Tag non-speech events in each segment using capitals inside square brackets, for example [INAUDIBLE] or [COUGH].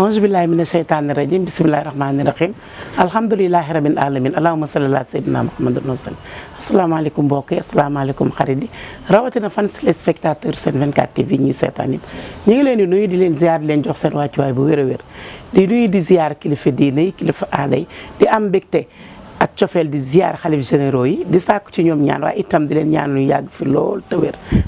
أعوذ بالله من الشيطان الرجيم بسم الله الرحمن الرحيم الحمد لله رب العالمين اللهم صل على سيدنا محمد صلى السلام عليكم بوكي السلام عليكم خريدي رواتنا فانس لي سبيكتاتور سن 24 تي في ني سيتاني نيغي لين نوي دي لين زيار لين جوخ سن واتي واي بو وير وير دي نوي دي زيار كليف ديني كليف عادي دي ام بكتي ak cofeel di ziar xalif généraux yi di sàkku ci ñoom ñaan waaye itam di leen ñaan ñu yàgg fi lool te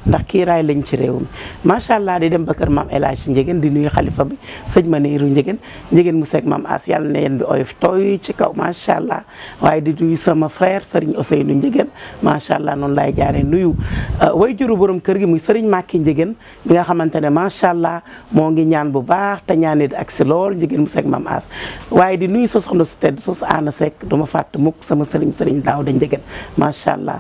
ndax kiiraay lañ ci réew mi macha allah di dem ba kër maam El Hadj di nuyu xalifa bi sëñ Maniru Njëgeen Njëgeen mu seeg maam As yàlla na yeen bi oyof tooy ci kaw macha allah waaye di nuyu sama frère Serigne Ousseynou Njëgeen macha allah noonu laay jaaree nuyu euh, way juru borom kër gi muy Serigne Màkki Njëgeen mi nga xamante ne macha allah moo ngi ñaan bu baax te ñaan it ak si lool Njëgeen mu seeg maam As waaye di nuyu sa soxna su tedd su Ana Seck duma mukk sama sëriñ sëriñ daaw da njëgën macha allah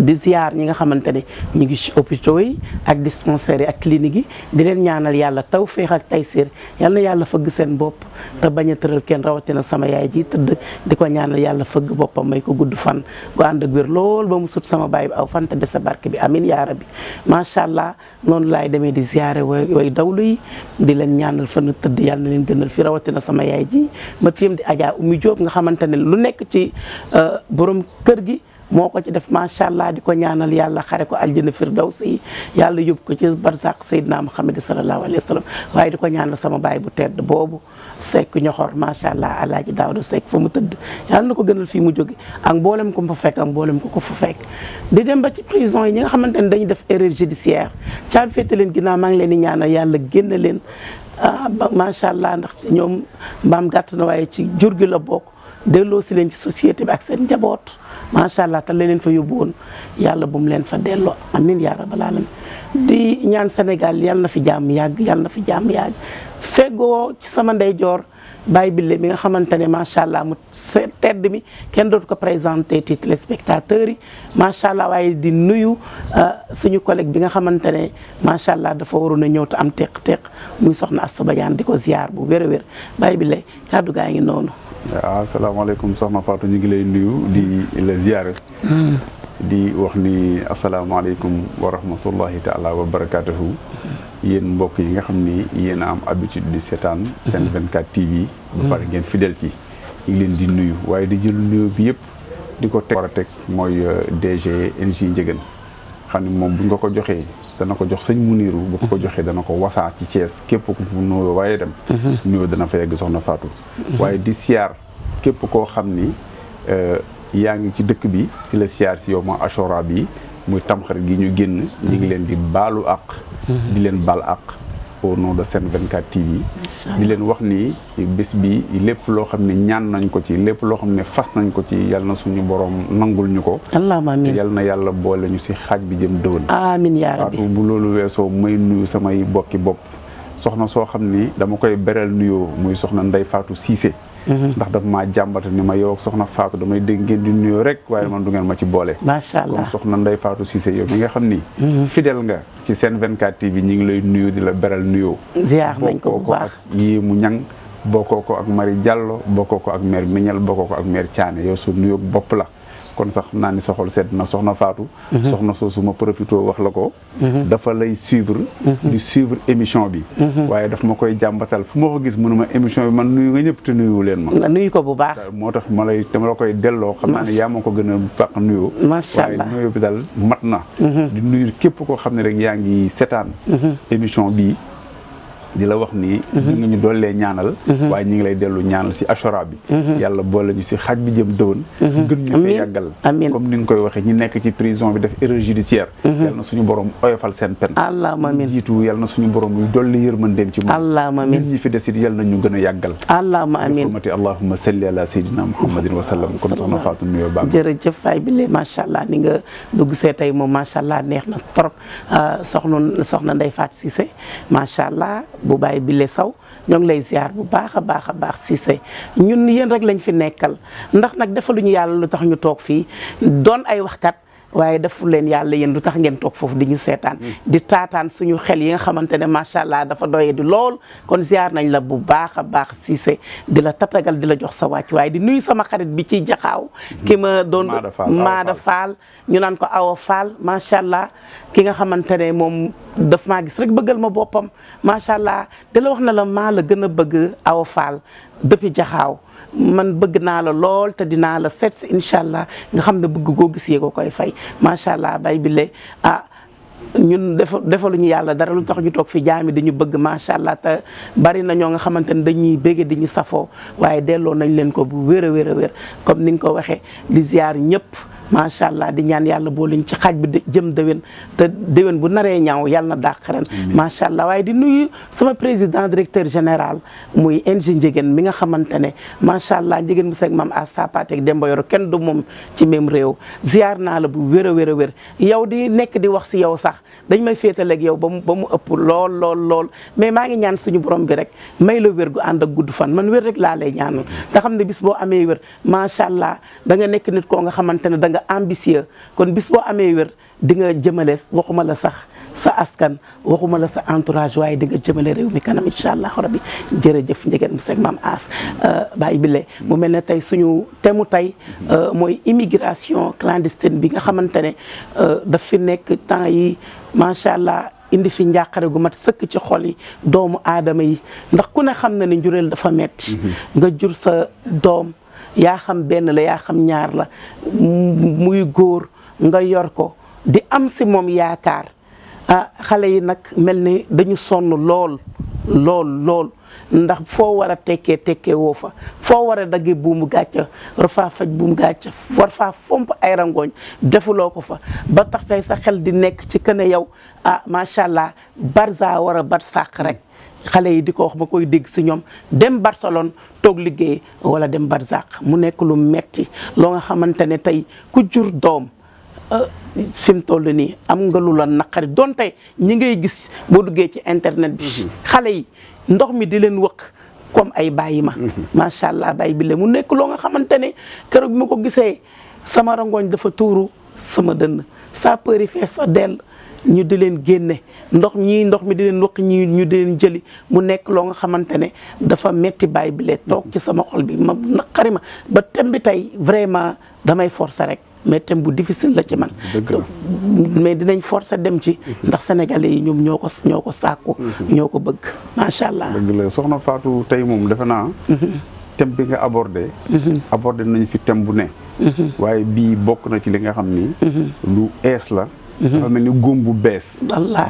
di ziar ñi nga xamante ne ñu ngi ci hôpitaux yi ak dispensaires yi ak cliniques leen ñaanal yàlla taw féex ak tay séer yal yàlla fëgg seen bopp te bañ a tëral kenn rawatina sama yaay ji tëdd di ko ñaanal yàlla fëgg boppam may ko gudd fan gu ànd ak wér lool sama baay aw fan te dese barke bi amin yaa rabbi macha allah noonu laay demee di ziare way way dawlu yi di leen ñaanal fanu tëdd yàlla na leen gënal fi rawatina sama yaay ji ma nga xamante ne lu nekk ci euh, borom kër gi moo ko ci def macha allah di ko ñaanal yàlla xare ko aljana firdawsi yàlla yóbbu ko ci barsaq Seydina Muhammad sallallahu alayhi wa sallam waaye di ko ñaanal sama baay bu tedd boobu Seck ñoxor macha allah alaaji Daawda Seck fa mu tëdd yàlla na ko gënal fii mu jóge ak mboolem ko mu fa fekk ak ko ko fa fekk di dem ba ci prison yi ñi nga xamante ne dañu def erreur judiciaire caabi féete leen ginnaaw maa ngi leen di ñaanal yàlla génn leen ah, macha allah ndax ñoom mbaam gàtt na waaye ci jur gi la bokk delloo si leen ci société bi ak seen njaboot macha allah te la leen fa yóbbu woon yàlla bu leen fa delloo amin yaa rabbal alamin ñaan Sénégal yàlla na fi jàmm yàgg yàlla na fi jàmm yàgg feggoo sama ndeyjoor Baye Bille mi nga xamante ne macha allah mu tedd mi kenn dootu ko présenté ci téléspectateurs yi macha allah waaye di nuyu euh, suñu collègue bi nga xamante ne macha allah dafa waroon a ñëw te am teq-teq muy soxna Assa Badiane di ko ziar bu wér a wér Baye Bille kàddu noonu. waaw ah, asalaamaaleykum soxna Fatou ñu ngi lay nuyu di la ziyaare hmm. di wax ni asalaamaaleykum wa rahmatullahi taala wa barakatuhu yéen mbokk yi nga xam ni yéen a am habitude di seetaan seen hmm. vingt 24 TV ba pare hmm. ngeen fidel ci ñu ngi leen di nuyu waaye di jël nuyu bi yëpp di ko teg a teg mooy euh, DG NJ Ndiéguène xam ni moom bu nga ko joxee dana ko jox sëñ Muniru bu ko ko joxee dana ko wasaa ci cees képp ku mu nuyoo waaye dem mhm. nuyoo dana fa yegg soxna Fatou waaye di siyaar képp koo xam ni eh, yaa ngi ci dëkk bi ci la siyaar si yow ma ashora bi muy tamxarit gi ñu génn ñu ngi mhm. leen di baalu àq mhm. di leen baal àq au nom de seen 24 TV. di leen wax ni bés bi lépp loo xam ne ñaan nañ ko ci lépp loo xam ne fas nañ ko ci yal na suñu borom nangul ñu ko. allahumma amiin yal na yàlla boole ñu si xaaj bi jëm dëwën. amiin yaa bu loolu weesoo may nuyu samay bokki bopp soxna soo xam ni dama koy beral nuyoo muy soxna Ndeye faatu Cissé. Mhm. ndax daf maa jàmbata ni ma yow soxna Fatou damay dégg ngeen di nuyoo rek waaye man du ngeen ma ci boole macha allah kon soxna Ndeye Fatou Cissé yow mi nga xam ni mhm. fidèle nga ci seen 24 TV ñi ngi lay nuyu di la beral nuyoo ziar nañ ko bu baax yii mu ñang bokkoo ko ak mari Diallo bokkoo ko ak mère Mignel bokkoo ko ak mère Thiané yow su nuyoo bopp la kon sax naa ni soxol sedd na soxna Fatou. Mhm. soxna soosu ma profité wax la ko. Mhm. dafa lay suivre. Mhm. di suivre émission bi. waaye daf ma koy jàmbatal fu ma ko gis mënuma émission bi man nuyu nga ñëpp te nuyu leen ma. nuyu ko bu baax. moo tax ma lay dama la koy delloo. xam naa ne yaa ma ko gën a fàq nuyoo. macha allah waaye nuyu bi daal mat nuyu képp koo xam ne rek yaa ngi seetaan. émission bii. di la wax ni. Mhm. ñu ngi ñu doolee ñaanal. Mhm. waaye ñu ngi lay dellu ñaanal si ashora bi. Mhm. yàlla boole ñu si xaj bi jëm dëwën. gën ñu fee yàggal. amiin comme koy waxee ñi nekk ci prison bi def erreur judiciaire. yal na suñu borom oyofal seen pen. allahumma amiin jiitu yal suñu borom yu dolli yërmandeem ci moom. allahumma ñu nit ñi fi des it yal na ñu gën a yàggal. allahumma amiin hurmati allahumma salli ala sayyidina muhammadin wa sallam kon soxna Fatou nuyoo baax jërëjëf fay bi nga dugg see moom macha allah neex na trop ah, soxna soxna Ndeye Fatou Cissé macha allah bu bàyyi bile saw ñoo lay siyaar bu baax a baax a baax Cissé ñun yéen rek lañ fi nekkal ndax nag defaluñu yàlla lu tax ñu toog fii doon ay waxkat waaye defu leen yàlla yéen du tax ngeen toog foofu di ñu seetaan hmm. di taataan suñu xel yi nga xamante ne macha allah dafa doye di lool kon ziar nañ la bu baax a baax Cissé di la tatagal di la jox sa wàcc waaye di nuyu sama xarit bi ci jaxaaw hmm. ki ma doon Maada Fall ñu naan ko Awa Fall macha allah ki nga xamante ne moom daf maa gis rek bëggal ma boppam macha allah di la wax na la maa la gën a bëgg Awa Fall depuis jaxaaw man bëgg naa la lool te dinaa la seet si incha allah nga xam ne bëgg goo gis yee ko koy fay macha allah bay bile ah. ñun defa defaluñu yàlla dara lu tax ñu toog fi jaami ñu bëgg macha allah bari na ñoo nga xamante ne dañuy bégge di ñu safoo waaye delloo nañ leen ko bu wér a wér a wér comme ni nga ko waxee di ziar ñëpp. macha allah di ñaan yàlla boo luñ ci xaaj bi jëm déwén te déwén bu naree ñaaw yàlla na dàq ren macha allah waaye di nuyu sama président directeur général muy NG Njegen mi nga xamante ne macha allah Njegen mu seeg maam dem Demba Yoro kenn du moom ci même réew ziar naa la bu wér a wér a wér yow di nekk di wax si yow sax dañ may féetal ak yow ba mu ba mu ëpp lool lool lool mais maa ngi ñaan suñu borom bi rek may la wér gu ànd ak gudd fan man wér rek laa lay ñaanal te xam ne bis boo amee wér macha allah da nga ne da nga nga ambitieux kon bis boo amee wér di nga jëmalees waxuma la sax sa askan waxuma la sa entourage waaye di nga jëmale réew mi kanam incha allah rabbi jërëjëf njegeen mu seeg maam As euh, bàyyi bile mu mel ne tey suñu temu tey euh, mooy immigration clandestine bi nga xamante ne euh, daf fi nekk temps yi macha allah indi fi njàqare gu mat sëkk ci xol yi doomu aadama yi ndax ku ne xam na ne njureel dafa metti mm-hmm. nga jur sa doom yaa xam benn la yaa xam ñaar la muy góor nga yor ko di am si moom yaakaar ah xale yi nag mel ni dañu sonn lool lool lool ndax foo war a tekkee tekkee woo fa foo war a dagge buumu gàcca war faa faj buumu gàcca war faa fomp ay rangooñ defuloo ko fa ba tax tey sa xel di nekk ci kene yow ah macha allah barza war a bar sàq rek xale yi di ko wax ma koy dégg si ñoom dem Barcelone toog liggéey wala dem Barzak mu nekk lu metti loo nga xamante ne tey ku jur doom euh, fi mu toll nii am nga lu la naqari donte ñi ngay gis boo duggee ci internet bi mhm. xale yi ndox mi di leen wëq comme ay bàyyi ma mhm. macha allah bàyyi bi la mu nekk loo nga xamante ne keroog bi ma ko gisee sama rangoñ dafa tuuru sama dënn saa përi fees fa dell ñu di leen génne ndox ñi ndox mi di leen waq ñii ñu di leen jëli mu nekk loo nga xamante ne dafa metti bàyyi bi lee toog ci sama xol bi ma naqari ma ba thème bi tey vraiment damay forcer rek mais thème bu difficile la ci man mais dinañ forcer dem ci ndax sénégalais yi ñoom ñoo ko ñoo ko mm-hmm. ñoo ko bëgg macha allah dëgg la soxna Fatou tey moom defe naa mm-hmm. thème bi nga abordé mm-hmm. nañu fi thème bu ne waaye bii bokk na ci li nga xam ni lu ees la dafa mel ni góom bu bees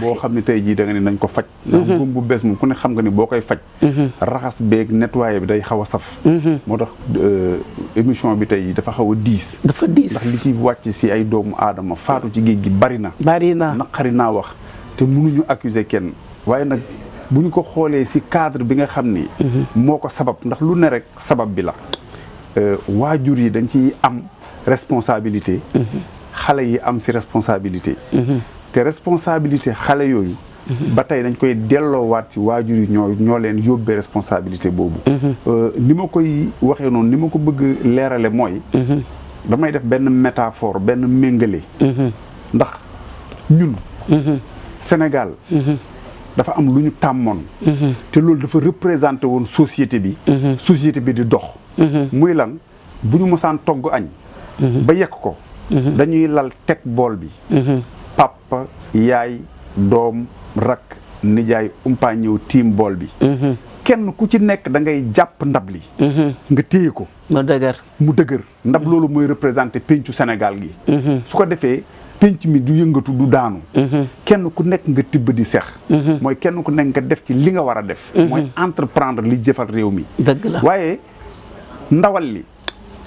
boo xam ne tey jii da nga nañ ko faj mhm. ndax góom bu bees moom ku ne xam nga ni boo koy faj mhm. raxas beek nettoyé bi day xaw a saf mhm. moo tax euh, émission bi tey dafa xaw a diis dafa diis ndax li ci wàcc si ay doomu aadama faatu ci géej gi bari na bari na naqari naa wax te mënuñu accuser kenn waaye nag bu ñu ko xoolee si cadre bi nga xam ni moo ko sabab ndax lu ne rek sabab bi la euh, waajur yi dañ ci am responsabilité xale yi am si responsabilité mhm. te responsabilité xale yooyu mhm. ba tey dañ koy delloowaat ci waajur yi ñoo ñoo leen yóbbee responsabilité boobu mhm. Euh, ni ma koy waxee noonu ni ma ko bëgg leerale mooy damay def benn métaphore benn méngale ndax ñun Sénégal dafa am lu ñu tàmmoon te loolu dafa représenté woon société bi société bi di dox muy lan bu ñu mosaan togg añ ba yekk ko Mhm. dañuy lal teg bool bi mhm. papa yaay doom rak nijaay umpaa ñëw tiim bool bi mhm. kenn ku ci nekk da ngay jàpp ndab li nga téye ko mu dëgër mu dëgër ndab loolu mooy représenté péncu Sénégal gi su ko defee pénc mi du yëngatu du daanu kenn ku nekk nga tibb di sex mooy kenn ku nekk nga def ci li nga war a def mooy entreprendre li jëfal réew mi dëgg waaye ndawal li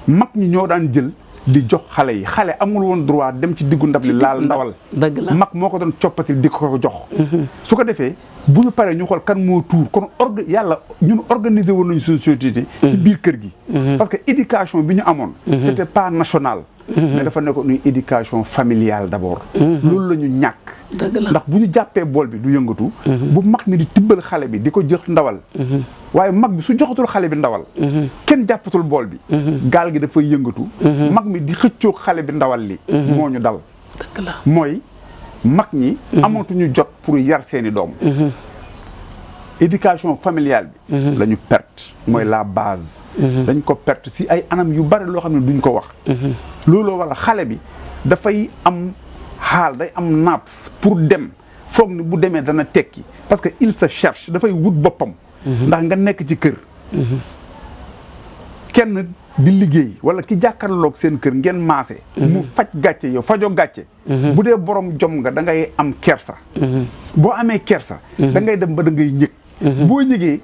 mag ñi ñoo daan jël di jox xale yi xale amul woon droit dem ci diggu ndab li laal ndawal. dëgg la mag moo ko doon coppati di ko ko jox. Mhm. su ko defee bu ñu paree ñu xool kan moo tuur kon orga yàlla ñun organiser woon nañu suñu société. Mhm. biir kër gi. Mhm. parce que éducation bi ñu amoon. c'était pas national. mais dafa nekkoon une éducation familiale d'abord. Mhm. loolu la ñu ñàkk. ndax bu ñu jàppee bool bi du yëngatu. Mhm. bu mag mi di tibbal xale bi di ko jox ndawal. Mhm. waaye mag bi su joxatul xale bi ndawal. kenn jàppatul bool bi. gaal gi dafa yëngatu. mag mi di xëccoog xale bi ndawal li. moo ñu dal. mooy mag ñi. ñu jot pour yar seeni doom. éducation familiale bi mhm. la ñu perte mooy la base mhm. dañ ko perte si ay anam yu bari loo xam ne duñ ko wax mhm. looloo wala xale bi dafay am xaal day am naps pour dem foog ni bu demee dana tekki parce que il sa cherche dafay wut boppam ndax nga nekk ci kër kenn di liggéey wala ki jàkkaarloog seen kër ngeen maase mu faj gàcce yow fajo gàcce bu dee borom jom nga dangay am kersa boo amee kersa dangay dem ba da ñëg Mm-hmm. boo jigee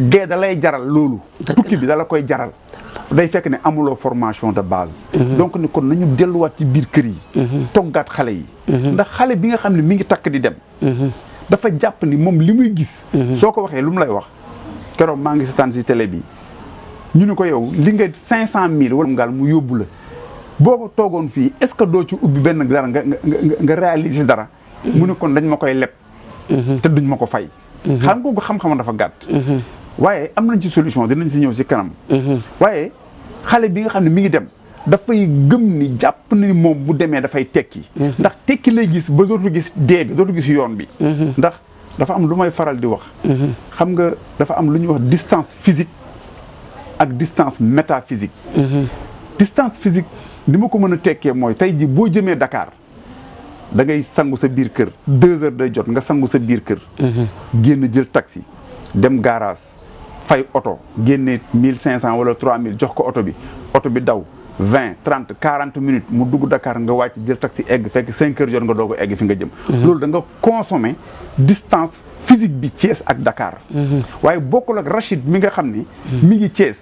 dee da lay jaral loolu tukki bi dala koy jaral day fekk ne amuloo formation de base mm-hmm. donc ni kon nañu delluwaat ci biir kër yi mm-hmm. toggaat xale yi ndax xale bi nga xam ne mi ngi takk di dem dafa jàpp ni moom li muy gis soo ko waxee lu mu lay wax keroog maa ngi seetaan si télé bi ñu ni ko yow li nga cinq cent mille wala ngaal mu yóbbu la boo ko toogoon fii est-ce que doo ci ubbi benn dara nga nga nga dara mu ne kon dañ ma koy leb te duñ ma ko fay Mm-hmm. xam googu xam-xamam dafa gàtt mm-hmm. waaye am nañ ci solution dinañ si ñëw si kanam mm-hmm. waaye xale bi nga xam ne mi ngi dem dafay gëm ni jàpp na ni moom bu demee dafay tekki ndax tekki lay gis ba dootu gis dee bi dootu gis yoon bi ndax dafa am lu may faral di wax xam nga dafa am lu ñuy wax distance physique ak distance métaphysique distance physique ni ma ko mën a tekkee mooy tey ji boo jëmee dakaar da ngay sangu sa biir kër deux heures day jot nga sangu sa biir kër. Mhm. génn jël taxi dem garage fay oto génne mille cinq cent wala trois mille jox ko oto bi oto bi daw vingt trent quarante minutes mu dugg dakaar nga wàcc jël taxi egg fekk cinq heures jot nga doo ko egg fi nga jëm. Mhm. loolu da nga consommer distance physique bi Thiès ak Dakar. Mhm. waaye bokkul ak Rachid mi nga xam ni. mi ngi Thiès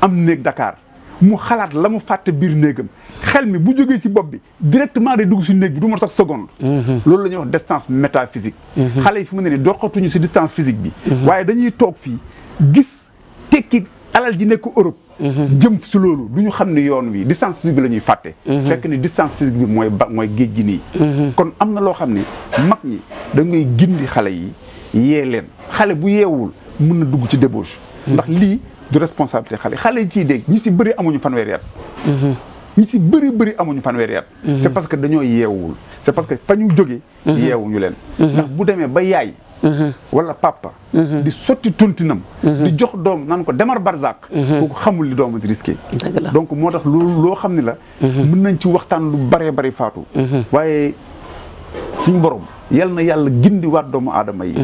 am néeg Dakar. mu xalaat la mu fàtte biir néegam xel mi bu jógee si bopp bi directement day dugg si néeg bi du ma sax seconde. Mhm. loolu la ñuy wax distance métaphysique. Mhm. xale yi fi mu ne nii doxatuñu si distance physique bi. Mhm. waaye dañuy toog fii gis tekki alal ji nekk Europe. jëm si loolu du ñu xam ne yoon wi distance physique bi la ñuy fàtte. fekk ni distance physique bi mooy ba mooy géej gi nii. kon am na loo xam ne mag ñi da ngay gindi xale yi yee leen xale bu yeewul mën na dugg ci débauche. ndax lii. du responsabilité xale xale yi ciy dégg ñu si bëri amuñu fanweeri at. Mhm. ñu si bëri bëri amuñu fanweeri at. Mhm. c' est parce que dañoo yeewul c' parce que fa ñu jóge mhm. yeewuñu leen. ndax bu demee ba yaay. wala papa. di sotti tontinam. di jox doom nan ko demar barzak. kooku xamul li doom di risqué. donc moo tax loolu loo xam ni la. mun nañ ci waxtaan lu baree bari faatu. waaye. suñu borom yalna yalla gindi gindiwaat doomu adama yi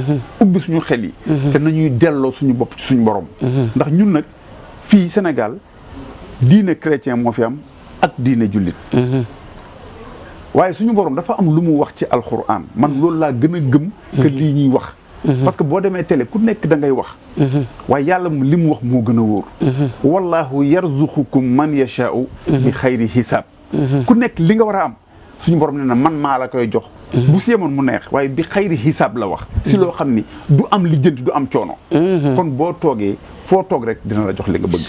ubbi suñu xel yi te nañuy delo suñu bop ci suñu borom ndax ñun nak fi Sénégal diine chrétien mo fi am ak diine julit waye suñu borom dafa am lu mu wax ci alquran man lool la gëna gëm ke li ñuy wax parce que bo démé télé ku nekk da ngay wax waye yàlla li mu wax mo gëna wóor wallahu yarzuqukum man yasha'u bi khayri hisab ku nekk li nga wara am suñu borom ne na man maa la koy jox. Mhm. bu séemoon mu neex waaye bi xayri xisaab la wax. si mhm. loo xam ni du am lijjanti du am coono. Mhm. kon boo toogee foo toog rek dina la jox li nga bëgg.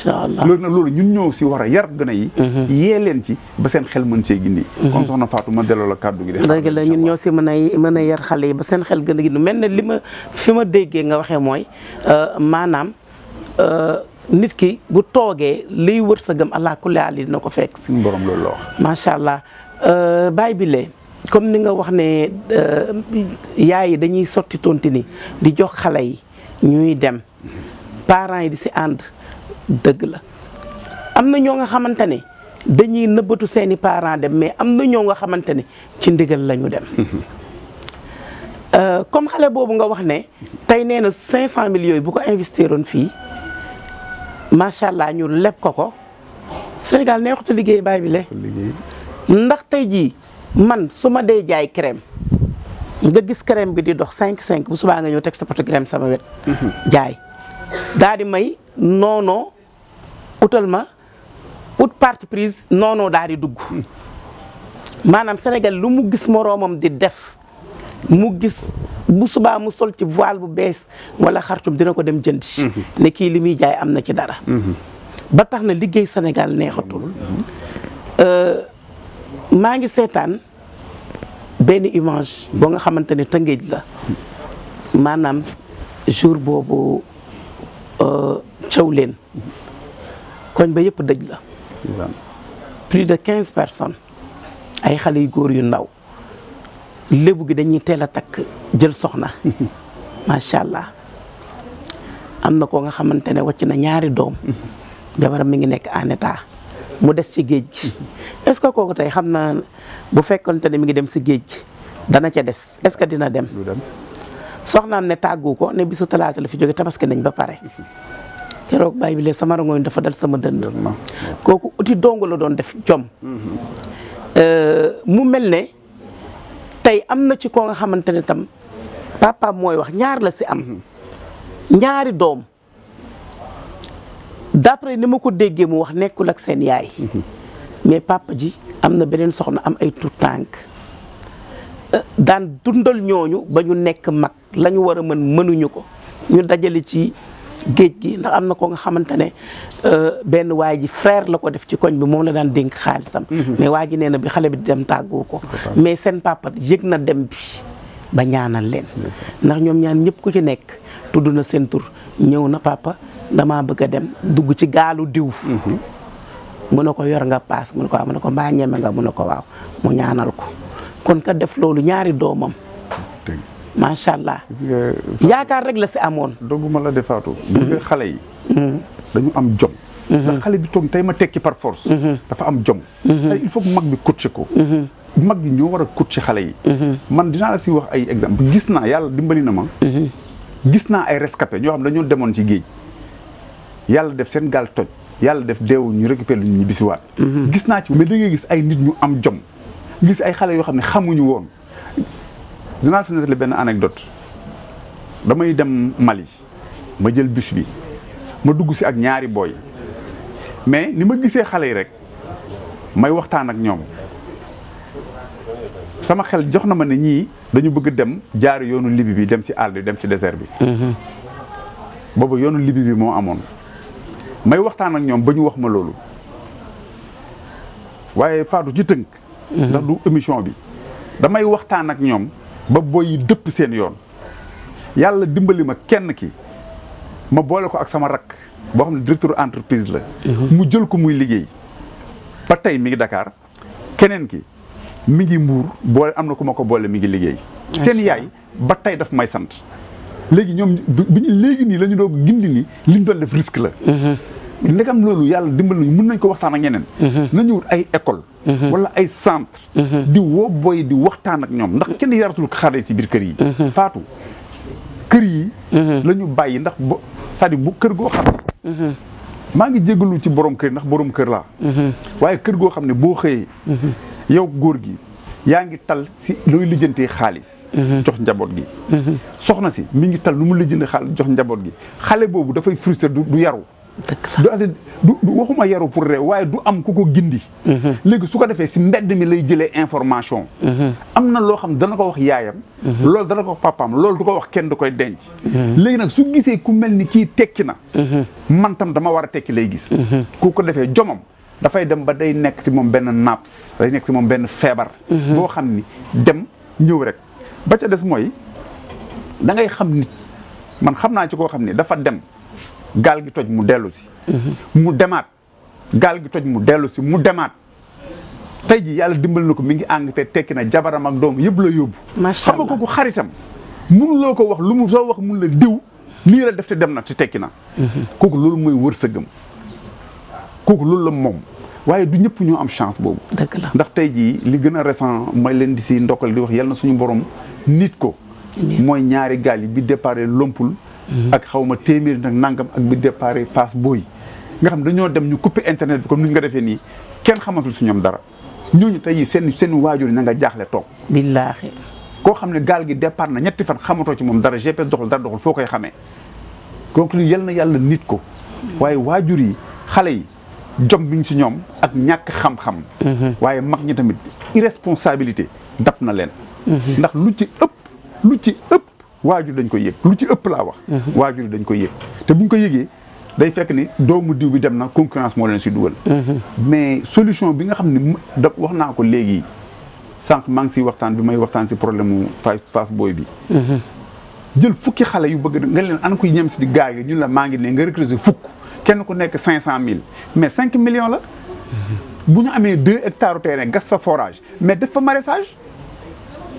loolu nag loolu ñun ñoo si war a yar gën yi. yee leen ci ba seen xel mën see gindi. kon soxna Fatou ma delloo kàddu gi de. dëgg la ñun ñoo si mën a mën a xale yi ba seen xel gën a gindi mel ne li ma fi ma déggee nga waxee mooy euh, maanaam. Euh, nit ki bu toogee liy wërsëgam allah kulli aal dina ko fekk. suñ borom loolu la wax. macha allah Euh, baay bi lee comme ni nga wax ne euh, yaay yi dañuy sotti tontini di jox xale yi ñuy dem parents yi di si ànd dëgg la am na ñoo nga xamante ne dañuy nëbbatu seeni parent dem mais am na ñoo nga xamante ne ci ndigal la ñu dem mm-hmm. euh, comme xale boobu nga wax ne tey nee na cinq cent mille bu ko investiroon fii macha allah ñu leb ko ko Sénégal neexutu liggéey baay bi le ndax tey jii man su ma dee jaay crème nga gis crème bi di dox cinq cinq bu subaa nga ñëw teg sa potu crème sama wet. Mhm. jaay daal di may noonoo utal ma ut parti prise noonoo daal di dugg mhm. maanaam senegal lu mu gis moroomam di def mu gis bu subaa mu sol ci voile bu bees wala xartum dina ko dem jëndi. Mhm. ne kii li muy jaay am na ci dara. ba tax na liggéey Sénégal neexatul. Euh, maa ngi seetaan benn image boo nga xamante ne tëngéej la maanaam jour boobu euh, caw leen koñ ba yëpp dëj plus de quinze personnes ay xale yu góor yu ndaw lébu gi dañuy teel a takk jël soxna [LAUGHS] macha allah am na koo nga xamante ne wàcc na ñaari doom [LAUGHS] jabaram mi ngi nekk en état mu des ci géej gi est-ce que kooku tey xam naa bu fekkonte ne mi ngi dem si géej gi dana ca des est-ce que dina dem soxnaam ne tàggu ko ne bisu talaata la fi jóge tabaski nañ ba pare keroog bàyyi bi lee sama rangooñ dafa dal sama dënd kooku uti dong la doon def jom mm-hmm. euh, mu mel ne tey am na ci koo nga xamante ne tam papa mooy wax ñaar la si am mm-hmm. ñaari doom d'après ni ma ko déggee mu wax nekkul ak seen yaay mais papa ji am na beneen soxna am ay tout tànk daan dundal ñooñu ba ñu nekk mag la ñu war a mën mënuñu ko ñu dajale ci géej gi ndax am na ko nga xamante ne euh, benn waay ji frère la ko def ci koñ bi moom la daan dénk xaalisam mm-hmm. mais waa ji nee na bi xale bi di dem tàggoo ko mais seen papa yëg na dem bi ba ñaanal leen ndax ñoom ñaan ñëpp ku ci nekk tudd na seen tur ñëw na papa damaa bëgg a dem dugg ci gaalu diw mhm. mu ne ko yor nga paas mu ne ko waaw ne ko mbaa ñeme nga mun ne ko waaw mu ñaanal ko kon ka def loolu ñaari doomam macha allah yaakaar rek la si amoon dogguma la defaatu mhm. xale yi mhm. dañu am jom ndax xale bi toog tey ma tekki par force dafa am jom tey il mag bi coaché ko mag bi ñoo war a coaché xale yi man dinaa la si wax ay exemple gis naa yàlla dimbali na ma gis naa ay rescapé ñoo xam dañoo demoon ci géej yàlla def seen gaal toj yàlla def deewul ñu récupéré lu ñu bisiwaat mhm. gis naa ci mais da ngay gis ay nit ñu am jom gis ay xale yoo xam ne xamuñu woon dinaa si nettali benn anecdote damay dem Mali ma jël bus bi ma dugg si ak ñaari booy mais ni ma gisee xale yi rek may waxtaan ak ñoom sama xel jox na ma ne ñii dañu bëgg dem jaar yoonu libi bi dem si àll bi dem si désert bi mhm. boobu yoonu libi bi moo amoon may waxtaan ak ñoom ba ñu wax ma loolu waaye Fatou ci tënk. Mhm. ndax du émission bi damay waxtaan ak ñoom ba booy dëpp seen yoon yàlla dimbali ma kenn ki ma boole ko ak sama rakk boo xam ne directeur entreprise la. Mhm. mu jël ko muy liggéey ba tey mi ngi dakaar keneen ki mi ngi Mbuur boole am na ku ma ko boole mi ngi liggéey. seen yaay ba tey daf may sant. léegi ñoom léegi nii la ñu doog gindi ni li ñu doon def risque la mhm. ndegam loolu yàlla dimbal nañu mën nañ ko waxtaan ak ñeneen mhm. nañu wut ay école mhm. wala ay centre di woo booy di waxtaan ak ñoom ndax kenn yaratul ko xale si biir kër yi faatu kër yi la ñu bàyyi ndax bo bu kër goo xam ne maa ngi jégalu ci borom kër ndax borom kër laa waaye kër goo xam ne boo xëyee yow góor gi yaa ngi tal si looy lijjantee xaalis. Mhm. jox njaboot gi. Mhm. soxna si mi ngi tal lu mu lijjante xaalis jox njaboot gi xale boobu dafay frustré du yaru. du waxuma yaru pour réew waaye du am ku ko gindi. Mhm. léegi su ko defee si mbedd mi lay jëlee information. am na loo xam dana ko wax yaayam. loolu dana ko wax papaam loolu du ko wax kenn du koy denc. léegi nag su gisee ku mel ni kii tekki na. man tam dama war a tekki lay gis. ku ko defee jomam. dafay dem ba day nekk si moom benn naps day nekk ci moom benn feebar. Mhm. boo xam ni dem ñëw rek ba ca des mooy dangay xam nit man xam naa ci koo xam ni dafa dem gaal gi toj mu dellu si. Mhm. mu demaat gaal gi toj mu dellu si mu demaat. tey ji yàlla dimbal na ko mu ngi ànd te tekki na jabaram ak doom yëpp la yóbbu. macha allah kooku xaritam mun loo ko wax lu mu soo wax mun la diw nii la def dem na te tekki na. Mhm. kooku loolu mooy wërsëgam. kooku loolu la moom waaye du ñëpp ñoo am chance boobu. dëgg la ndax tey jii li gën a récent may leen di si ndokkal di wax yal na suñu borom nit ko. mooy ñaari gaal yi bi déparé Lompul. Mhm. ak xaw ma téeméeri nag nangam ak bi déparé Fass booy nga xam dañoo dem ñu couper internet bi comme ni nga defee nii kenn xamatul su ñoom dara ñooñu tey seen seen waajur na nga jaaxle toog. billaahi. koo xam ne gaal gi départ na ñetti fan xamatoo ci moom dara GPS doxul dara doxul foo koy xamee donc yal na yàlla nit ko jom bi si ñoom ak ñàkk xam-xam. Mhm. waaye mag ñi tamit irresponsabilité dab na leen. Mhm. ndax lu ci ëpp lu ci ëpp waajur dañ koy yëg lu ci ëpp laa wax. Mhm. waajur dañ koy yëg te bu ñu ko yëgee day fekk ni doomu diw bi dem na concurrence moo leen si dugal. mais solution bi nga xam ne da wax naa ko léegi sànq maa ngi si waxtaan bi may waxtaan si problème mu Fass Boy bi. jël fukki xale yu bëgg nga leen an ko ñem si di yi ñu la maa ngi ne nga recruter fukk. kenn ku que 500 mille mais 5 millions la bu ñu amee 2 hectares de terrain gas fa forage mais def fa maraissage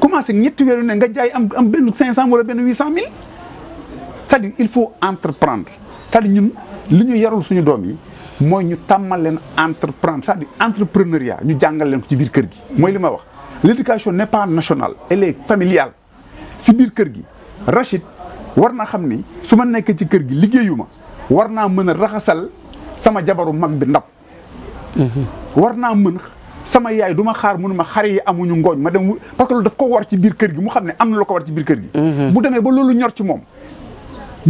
comment c' ñetti weer yu ne nga jaay am am 500 wala benn 800 cest à dire il faut entreprendre c' dire ñun li ñu yarul suñu doom yi mooy ñu tàmmal leen entreprendre à dire entrepreneuriat ñu jàngal leen ko ci biir kër gi wax pas nationale elle est familiale si biir kër gi rachid war na xam ni su ma nekkee ci kër gi liggéeyuma war naa mën a raxasal sama jabaru mag bi ndab war naa mën sama yaay du ma xaar mënu ma xare yi amuñu ngooñ ma dem parce que loolu daf ko war ci biir kër gi mu xam ne am na lu war ci biir kër gi mhm. bu demee loolu ñor ci moom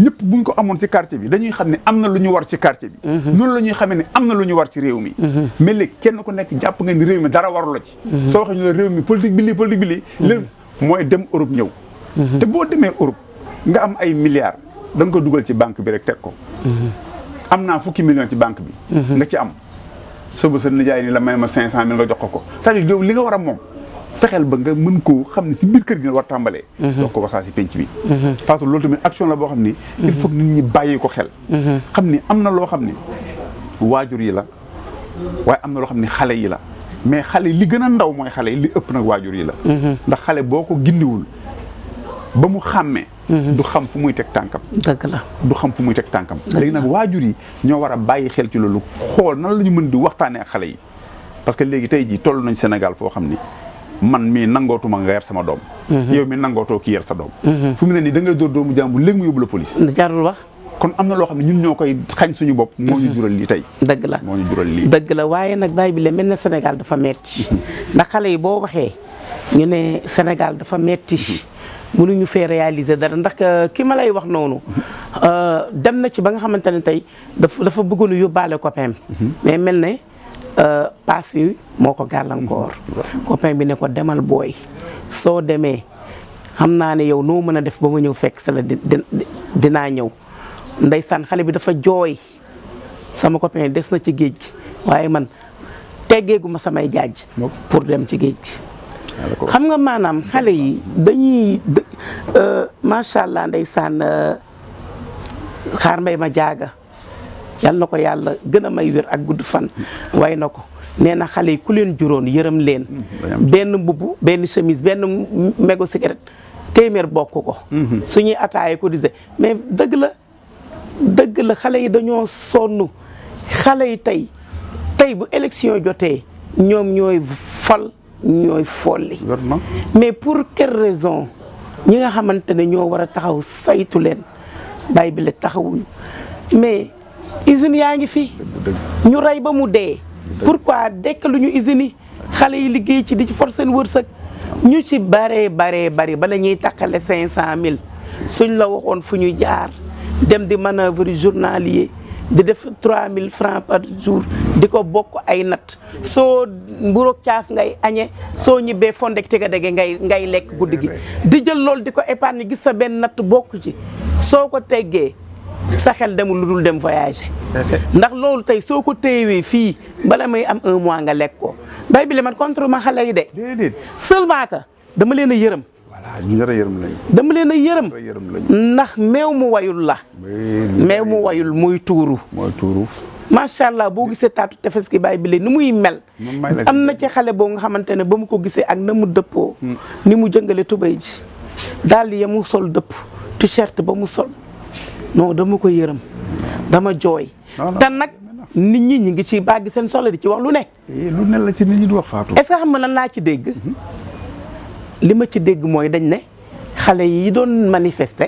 ñëpp buñ ko amoon ci quartier bi dañuy xam ne am na lu ñu war ci quartier bi mhm. la ñuy xamee ne am na lu ñu war ci réew mi mhm. mais léegi kenn ku nekk jàpp nga ni réew mi dara waru la ci soo waxee ñu la mi politique bi lii politique bi mooy dem Europe ñëw te boo demee Europe nga am ay milliards da nga ko dugal ci banque bi rek tek ko. amna fukki million ci banque bi. nga ci am soo sa nijaay ni la may ma 500000 nga jox ko sa cest li nga wara mom fexel ba nga mën ko xamni ci bir keur gi nga war tambalé dok ko waxa ci penc bi. fatu loolu tamit action la bo xamni il faut nit ñi bàyyi ko xel. xamni amna lo xamni wajur yi la way amna lo xamni xale yi la mais xale li gëna ndaw moy xale li ëpp nak wajur yi la. ndax xale boko gindiwul. ba mu xàmmee. Mhm. du xam fu muy teg tànkam. dëgg la du xam fu muy teg tànkam. léegi nag waajur yi ñoo war a bàyyi xel ci loolu xool nan la ñu mën di waxtaanee xale yi parce que léegi tey jii toll nañ Sénégal foo xam ni. man mii nangootuma nga yar sama doom. Mhm. yow mi nangootoo ki yar sa doom. Mhm. fu mu ne nii da ngay dóor doomu jàmbur léegi mu yóbbu la police. jarul wax. kon am na loo xam ne ñun ñoo koy xañ suñu bopp. moo ñu jural lii tey. dëgg la moo ñu jural lii dëgg la waaye nag bàyyi bi la mel na Sénégal dafa metti ndax xale yi boo waxee ñu ne Sénégal dafa metti mënuñu fee réaliser dara ndax euh, ki ma lay wax noonu euh, dem na ci ba nga xamante ne tey dafa dafa bëggoon yóbbaale copain mhm. mais mel ne euh, paas yi moo ko gàllankoor mhm. copain bi ne ko demal booy soo demee xam naa ne yow noo mën a def ba ma ñëw fekk sa la dinaa ñëw ndeysaan xale bi dafa jooy sama copain des na ci géej gi waaye man teggeegu ma samay jaaj pour dem ci géej gi xam nga maanaam xale yi dañuy euh, macha allah ndeysaan euh, xaar mbay ma jaaga yal na ko yàlla gën a may wér ak gudd fan way na ko nee na xale yi ku leen juróon yërëm leen mm-hmm. benn mbubb benn chemise benn mégo cigarette téeméer bokk ko mm-hmm. suñuy ataaya ko dise mais dëgg la dëgg la xale yi dañoo sonn xale yi tey tey bu élection jotee ñoom ñooy fal ñooy folli mais pour quelle raison ñi nga xamante ne ñoo war a taxaw saytu leen bay bi la taxawuñu mais usines yaa ngi fi ñu rey ba mu dee pourquoi dekk lu ñu usines yi xale yi liggéey ci di ci force seen wërsëg ñu ci baree baree bari ba la ñuy takkale cinq cent mille suñ la waxoon fu ñu jaar dem di manoeuvre journalier di def 3000 francs par jour di ko bokk ay nat soo mburu caaf ngay añe soo ñibbee fondek tega dege ngay ngay lekk guddi gi di jël loolu di ko épargne gis sa benn natt bokk ci soo ko teggee sa xel demul lu dul dem voyager ndax loolu tey soo ko téyewee fii bala may am un mois nga lekk ko bay bi man contre ma xale yi de seulement que dama leen a yërëm dama leen a yërëm ndax meew mu wayul la meew mu wayul muy tuuru macha allah boo gisee taatu tefes gi baay bi leen ni muy mel am na ci xale boobu nga xamante ne ba mu ko gisee ak na mu dëppoo hmm. ni mu jëngale tubay ji daal ya mu sol dëpp t-shirt ba mu sol noo non dama ko yërëm dama jooy te nag nit ñi ñi ngi ci bàggi seen solo di ci wax lu ne eh, lu ne la ci nit ñi di wax Fatou est-ce que naa nga lan ci dégg hmm. li ma ci dégg mooy dañ ne xale yi doon manifeste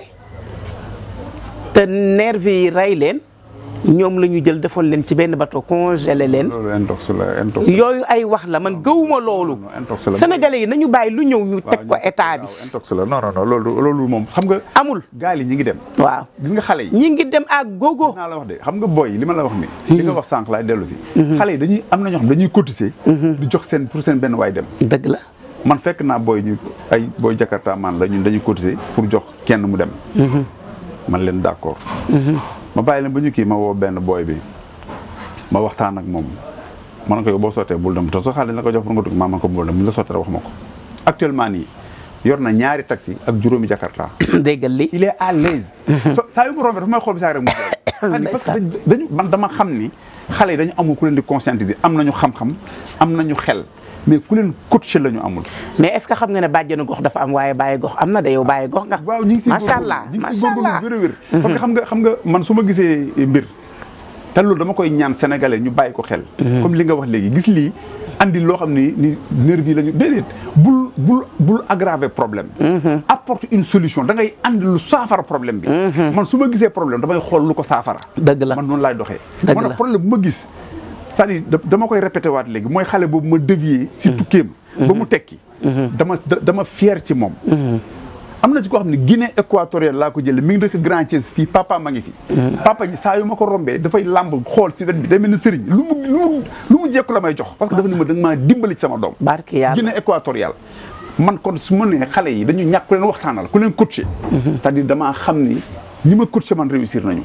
te nervi yi rey leen ñoom la ñu jël defoon leen ci benn bateau congelé leen. yooyu ay wax la man gëwuma loolu. sénégalais yi nañu bàyyi lu ñëw ñu teg ko état bi. la non non moom xam nga. amul gaal yi ñi ngi dem. waaw gis nga xale yi. ngi dem ak gogo. naa la wax de xam nga booy li ma la wax nii. li hmm. nga wax sànq laay dellu si. Hmm. xale yi dañuy am na ñoo xam dañuy cotiser. Hmm. di jox seen pour seen benn waay dem. dëgg la. man fekk naa booy ñu ay booy jakarta man la ñun dañuy cotiser pour jox kenn mu dem. Mhm. man leen d'accord. Mhm. ma bàyyi leen ba ñu kii ma woo benn booy bi ma waxtaan ak moom ma ne ko boo sottee bul dem te soo xaalis la ko jox pour nga dugg maa ko bul dem bu la sottee wax ko actuellement nii. yor na ñaari taxi ak juróomi jakarta. [COUGHS] dégg li il est à l'aise. Mhm. so saa yu mu [COUGHS] rombee man dama xam ni xale yi dañu amul ku leen di conscientiser am nañu xam-xam am nañu xel. mais ku leen coach la ñu amul. mais est-ce que xam nga ne bàjjenu gox dafa am waaye bàyyi gox am na da yow bàyyi gox nga. waaw ñu ngi si mhm. nga xam nga man su ma gisee mbir. te loolu dama koy ñaan sénégalais ñu bàyyi ko xel. Mhm. comme li nga wax léegi gis lii andi loo xam ni ni nervi yi la ñu déedéet bul bul bul aggraver problème. Mhm. apporte une solution dangay ngay andi lu saafara problème bi. man su ma gisee problème damay xool lu ko saafara. dëgg la man noonu lay doxee. dëgg la problème bu ma gis. sa à dire dama koy répété waat léegi mooy xale boobu ma dévier si tukkeem mhm. ba mu mhm. tekki mhm. dama dama fier ci moom am na ci koo xam ne Guinée équatoriale laa ko jëlee mi ngi dëkk Grand Thiès fii papa ma ngi fi papa ji saa yu ma ko rombee dafay làmb xool si wet bi day mel ni lu mu lu mu lu mu la may jox parce que dafa ni ma da maa dimbali ci sama doom barke yàlla Guinée équatoriale man kon su ma nee xale yi dañu ñàkk ku leen waxtaanal ku leen kot c'est-à-dire damaa xam ni ñu ma coaché man réussir nañu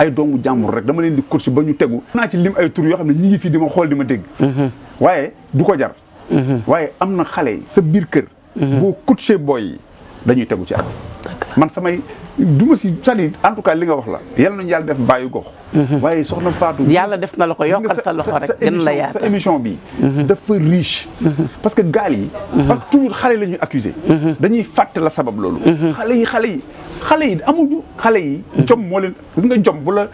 ay doomu jàmbur rek dama leen di coach ba ñu tegu naa ci lim ay tur yoo xam ne ñi fii di ma xool di ma dégg mm-hmm. waaye du ko jar mm-hmm. waaye am na xale yi sa biir kër mm-hmm. boo coaché booy yi dañuy tegu ci axe man samay du si cest à en tout cas li nga wax la yal nañu yàlla def bàyyi gox waaye soxna Fatou yàlla def na la ko yokkal sa loxo rek gën la yaatu bi dafa parce que gaal yi parce que toujours xale la ñuy accusé dañuy fàtte la sabab loolu xale yi xale yi xale yi amuñu xale yi. jom moo gis nga jom bu la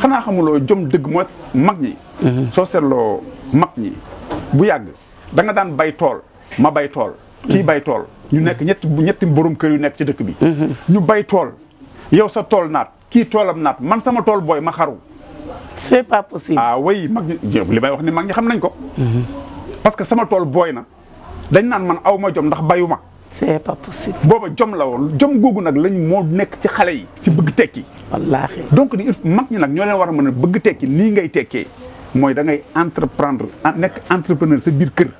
xanaa xamuloo jom dëgg moo mag ñi. Mhm. soo seetloo mag ñi bu yàgg da nga daan bay tool ma bay tool. kii bay tool ñu nekk ñetti ñetti borom kër yu nekk ci dëkk bi. Mhm. ñu bay tool yow sa tool naat kii toolam naat man sama tool booy ma xaru. c'est pas possible. ah oui mag ñi li may wax ni mag ñi xam nañ ko. Mhm. parce que sama tool booy na dañ naan man aw ma jom ndax bayu ma. c'est pas possible. booba jom la jom googu nag lañ moo nekk ci xale yi. ci bëgg tekki. wallaahi donc il mag ñi nag ñoo leen war a mën a bëgg tekki nii ngay tekkee mooy da ngay entreprendre ah, nekk entrepreneur sa biir kër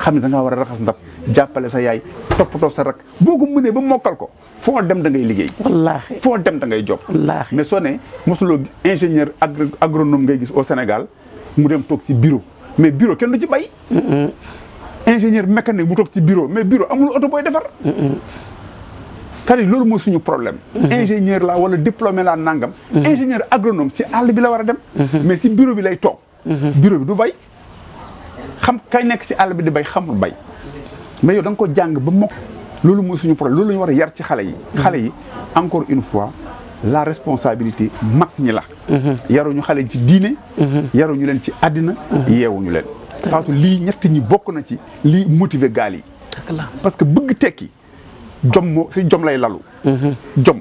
xam ne da war a raxas ndab jàppale sa yaay toppatoo sa rak boo ko mënee ba mokkal ko foo dem da ngay liggéey. wallaahi foo dem dangay ngay job. wallaahi mais soo ne mosuloo ingénieur agronome ngay gis au Sénégal mu dem toog ci bureau mais bureau kenn du ci bay. ingénieur mécanique bu toog ci bureau mais bureau amul oto booy defar. cest à loolu mooy suñu problème. ingénieur la wala diplômé la nangam. ingénieur agronome si àll bi la war a dem. mais si bureau bi lay toog. bureau bi du bay xam kay nekk ci àll bi di bay xamul bay mais yow da ko jàng ba mokk. loolu mooy suñu problème loolu la ñu war a yar ci xale yi. xale yi encore une fois la responsabilité mag ñi la. Mmh. yaruñu xale yi ci diine. Mmh. yaruñu leen ci àddina. Mmh. yeewuñu leen. Faatu lii ñett ñi bokk na ci lii motiver gaal yi parce que bëgg tekki jom moo si jom lay lalu mhm. jom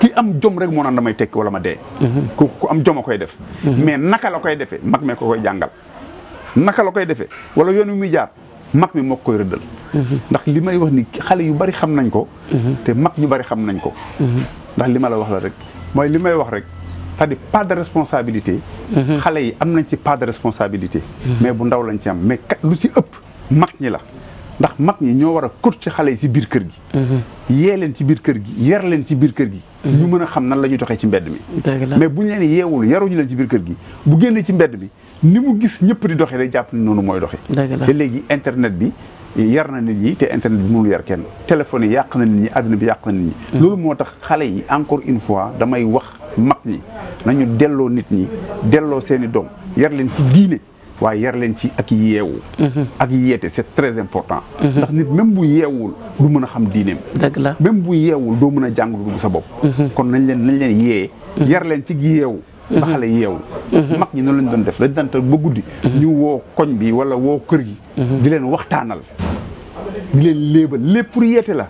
ki am jom rek moo naan damay tekki wala ma dee mhm. ku ku am jom koy def mhm. mais naka la koy defee mag mee ko koy jàngal naka la koy defee wala yoon wi muy mag mi mook koy rëddal ndax li may wax ni xale yu bari xam nañ ko te mag ñu bari xam nañ ko ndax li ma la wax la rek mooy li may wax rek cest à responsabilité. xale yi am nañ ci pas de responsabilité. mais bu ndaw lañ ci am mais kat lu ci ëpp mag ñi la ndax mag ñi ñoo war a kot ci xale yi ci biir kër gi. yee leen ci biir kër gi yar leen ci biir kër gi. ñu mën a xam nan la ñuy doxee ci mbedd mi. mais bu ñu leen yeewul yaruñu leen ci biir kër gi bu génnee ci mbedd bi ni mu gis ñëpp di doxee day jàpp ni noonu mooy doxee. te léegi internet bi. yar na nit ñi te internet bi mënul yar kenn téléphone yi yàq na nit ñi àdduna bi yàq na nit ñi. Mm. loolu moo tax xale yi encore une fois damay wax mag ñi. nañu delloo nit ñi delloo seeni dom yar leen ci diine waaye yar leen ci ak yewu ak yete c'est très important ndax nit même bu yewul du mëna xam diine dëgg la même bu yewul do mëna jàng lu sa bop kon nañ leen nañ leen yé yar leen ci yewu ba xale yewu mag ñi noonu lañ doon def dañ daan ba guddi ñu wo koñ bi wala wo kër gi di leen waxtanal di leen lebal lépp pour yete la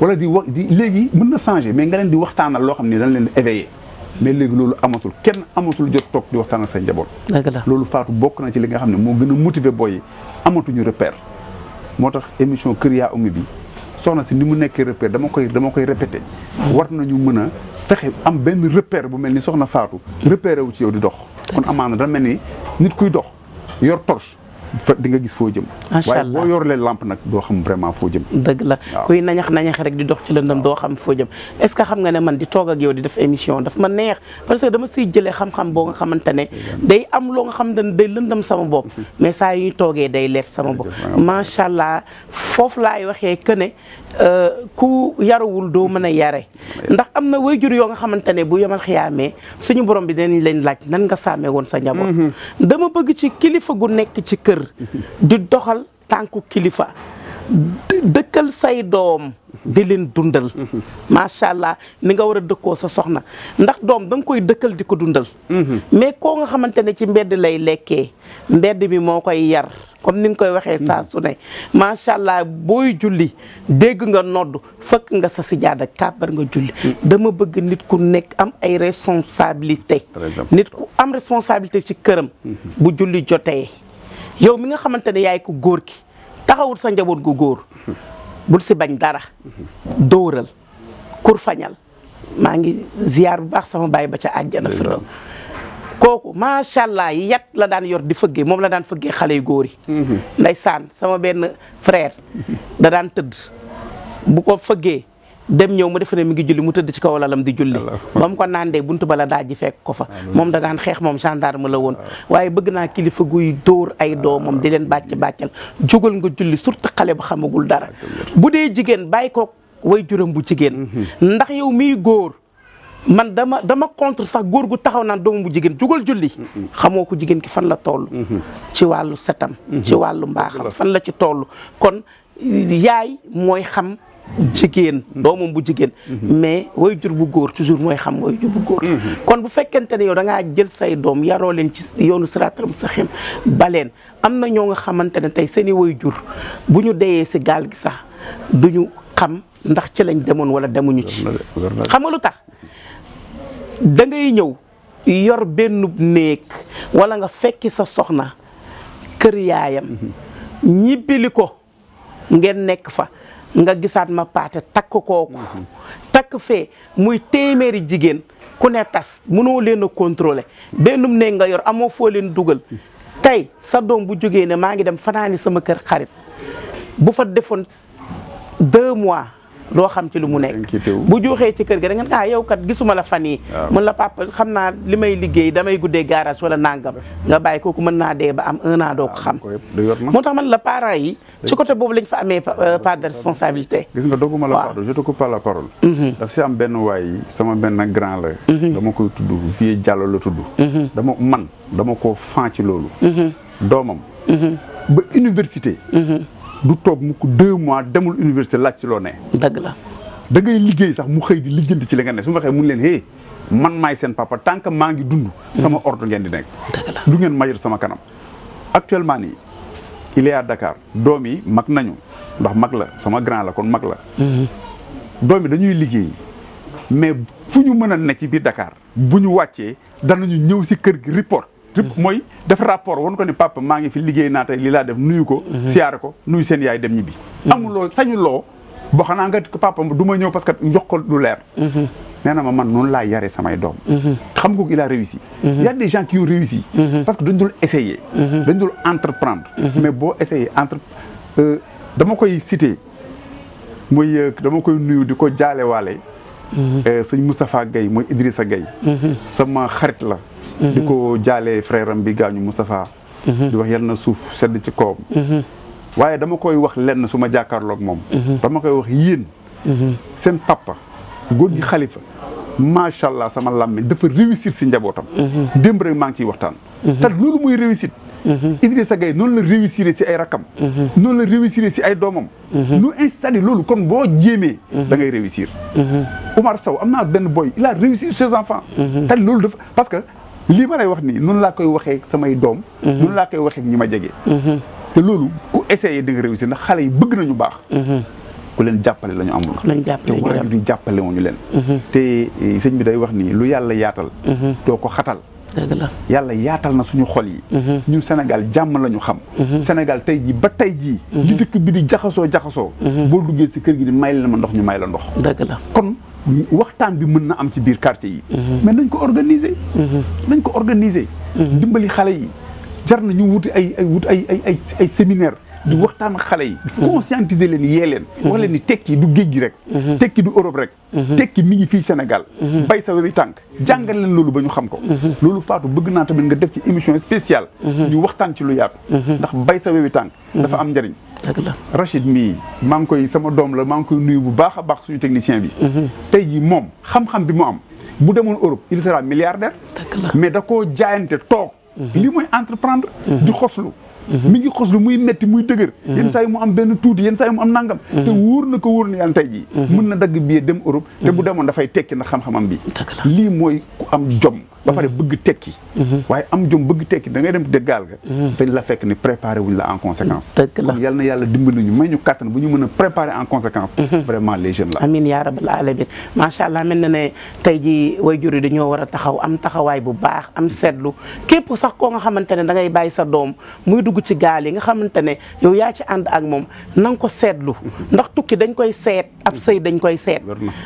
wala di di léegi mën na changer mais nga leen di waxtanal lo xamni dañ leen éveiller mais léegi loolu amatul kenn amatul jot toog di waxtaan ak sa njaboot. loolu faatu bokk na ci li nga xam ne moo gën a motiver boy amatuñu repère. moo tax émission Kër Yaa Oumy bi soxna si ni mu nekkee repère dama koy dama koy répété. war nañu mën a fexe am benn repère bu mel ni soxna faatu repéré wu ci yow di dox. kon amaa amaana da mel ni nit kuy dox yor torche. fa di nga gis foo jëm. macha allah waaye boo yorlee lampe nag doo xam vraiment foo dëgg la kuy nañax nañax rek di dox ci lëndam doo xam foo jëm. est ce que xam nga ne man di toog ak yow di def émission daf ma neex parce que dama siy jëlee xam-xam boo nga xamante ne day am loo nga xam ne day lëndam sama boom [LAUGHS] mais saa yu toogee day leer sama bopp macha allah foofu laay waxee que ne ku yarawul doo mën a yare ndax am na wayjur yoo nga xamante ne bu yemal xiyaamee suñu borom bi dinañ leen laaj nan nga sàmmee woon sa njaboot mhm. dama bëgg ci kilifa gu nekk ci kër di doxal tànku kilifa dëkkal say doom di leen dundal macha allah ni nga war a dëkkoo sa soxna ndax doom da koy dëkkal di ko dundal mais ko nga xamante ne ci mbedd lay lekkee mbedd bi moo koy yar comme ni nga koy waxee saa su ne macha allah booy julli dégg nga nodd fëkk nga sa sijaada kàbbar nga julli dama bëgg nit ku nekk am ay responsabilité nit ku am responsabilité ci këram bu julli jotee yow mi nga xamante ne yaay ko góor ki taxawul sa njaboot gu góor bul si bañ dara dóoral kurfañal maa ngi ziyaar bu baax sama baay ba ca àjjana fi kooku macha allah yat la daan yor di fëggee moom la daan fëggee xale yu góor yi mhm. ndeysaan sama benn frère da daan tëdd bu ko fëggee dem ñëw mu defe ne mi ngi julli mu tëdd ci kaw lalam di julli ba mu ko naandee buntu ba daa ji fekk ko fa moom da daan xeex moom ma la woon waaye bëgg naa kilifa guy dóor ay doomam di leen bàcc bàccal jugal nga julli surtout xale ba xamagul dara bu dee jigéen bàyyi ko way juram bu jigéen mm-hmm. ndax yow miy góor man dama dama contre sax góor gu taxaw naan doomam bu jigéen jugal julli mm-hmm. xamoo ko jigéen ki fan la toll mm-hmm. ci wàllu setam ci wàllu mbaaxam fan la ci toll kon mooy xam jigéen doomam bu jigéen mais way jur bu góor toujours mooy xam way jur bu góor kon bu fekkente ne yow da ngaa jël say doom yaroo leen ci yoonu siraatal saxim baleen am na ñoo nga xamante ne tey seeni i way jur bu ñu deyee si gaal gi sax ñu xam ndax ci lañ demoon wala demuñu ci xam nga lu tax da ngay ñëw yor benn néeg walla nga fekki sa soxna kër yaayam mhm. ñibbili ko ngeen nekk fa nga gisaat ma paate takk kooku takk fee muy téeméeri jigéen ku ne tas mënoo leen a contrôler bennum ne nga yor amoo foo leen dugal tey sa doom bu jógee ne maa ngi dem fanaani sama kër xarit bu fa defoon deux mois doo xam ci lu mu nekk bu juuxee ci kër ga da ngeen ah yow kat gisuma la fan yi mun la papa xam naa li may liggéey damay guddee garage wala nangam nga bàyyi kooku ba am un doo ko ah, xam moo tax man la parents yi ci côté boobu lañ fa amee euh, ah, part de responsabilité gis nga dogguma la pardon je te coupe pas la parole mhm. daf si am benn waay sama benn grand la mhm. dama koy tudd vie Diallo la tudd mhm. dama man dama ci loolu doomam ba université du toog mu ko deux mois demul université laaj ci loo ne. dëgg la da ngay liggéey sax mu xëy di lijjanti ci li nga ne su ma waxee mu leen hey man maay seen papa tant que maa ngi dund. sama mm. ordre ngeen di nekk. du ngeen major sama kanam. actuellement nii il est à doom yi mag nañu ndax mag la sama grand la kon mag la. Mm-hmm. doom yi dañuy liggéey mais fu ñu mën a ne ci biir dakaar bu ñu wàccee danañu ñëw si kër gi report. mooy def rapport woon ko ni papa maa ngi fi liggéey naa tey li laa def nuyu ko siyaare ko nuyu seen yaay dem ñibbi amuloo sañu loo boo xanaa nga papa du ma ñëw parce que njox ko leer nee ma man noonu laa yare samay doom xam nga ko il a réussi il y a des gens réussi parce que dañ dul essayer dañ dul entreprendre mais boo essayer entre euh, dama koy citer muy euh, dama koy nuyu di ko jaalewaale mm-hmm. euh, sëñ Moustapha Guèye mooy Idrissa Guèye mm-hmm. sama xarit Mm-hmm. di ko jaalee frère bi gaañu Moustapha mm-hmm. di wax yal na suuf sedd ci kawam mm-hmm. waaye dama koy wax lenn suma ma jàkkaarloog moom dama koy wax yéen seen papa góor gi xalifa allah sama làmmiñ dafa réussir si njabootam démb rek maa ngi ciy waxtaan te loolu mooy noonu la réussir si ay rakam noonu la réussir si ay doomam nu installé loolu kon boo jéemee da ngay réussir Omar Sow am naa benn boy il a réussi ses enfants te loolu dafa lii ma lay wax nii noonu laa koy waxee samay doom. Mhm. noonu laa koy waxee ñi ma jege. Mhm. te loolu ku essayé di nga réussir ndax xale yi bëgg nañu baax. Mhm. ku leen jàppale la ñu amul. ku leen jàppale te waajur leen. te eh, sëñ bi day wax nii lu yàlla yaatal. doo ko xatal. yàlla yaatal na suñu xol yi. ñun Sénégal jàmm lañu xam. senegal tey jii ba tey jii. li dëkk bi di jaxasoo jaxasoo. boo duggee si kër gi di may la ma ndox ñu may la ndox. waxtaan bi mën na am ci biir quartier yi. Mhm. mais nañ ko organiser. Mhm. nañ ko organiser. Mhm. dimbali xale yi jar na ñu wuti ay ay wut ay ay ay séminaire. di waxtaan ak xale yi. Mhm. conscientiser leen yee leen. Mhm. wax leen ni tekki du géej gi rek. Mhm. tekki du Europe rek. tekki mi ngi fii Sénégal. bay sa webi tànk jàngal leen loolu ba ñu xam ko. loolu Fatou bëgg naa tamit nga def ci émission spéciale. ñu waxtaan ci lu yaatu. ndax bay sa webi tànk. dafa am njëriñ. Rachid mii maa ngi koy sama doom la maa ngi koy nuyu bu baax a baax suñu technicien bi. tey ji moom xam-xam bi mu am. bu demoon Europe il sera milliardaire. mais da koo jaayante toog. li mooy entreprendre. di xoslu. mi ngi xos lu muy metti muy dëgër yenn saa yi mu am benn tuuti yenn saa yi mu am nangam te wóor na ko wóor na yàlla tey jii mën na dagg billet dem Europe te bu demoon dafay tekki na xam-xamam bi lii mooy am jom ba pare bëgg tekki mhm. waaye am jom bëgg tekki da ngay dem de gaal ga mhm. dañ la fekk ni préparé wuñ la en conséquence kon yal na yàlla dimbali ñu may ñu kàttan bu ñu mën a préparer en conséquence mhm. vraiment les jeunes la amiin yaa rabbal alamin macha allah mel na ne tey ji waajur yi dañoo war a taxaw am taxawaay bu baax am seetlu képp sax koo nga sa doom dugg ci gaal yi nga xamante ne yow yaa ci ànd ak moom na ko seetlu ndax tukki dañ koy seet ab sëy dañ koy seet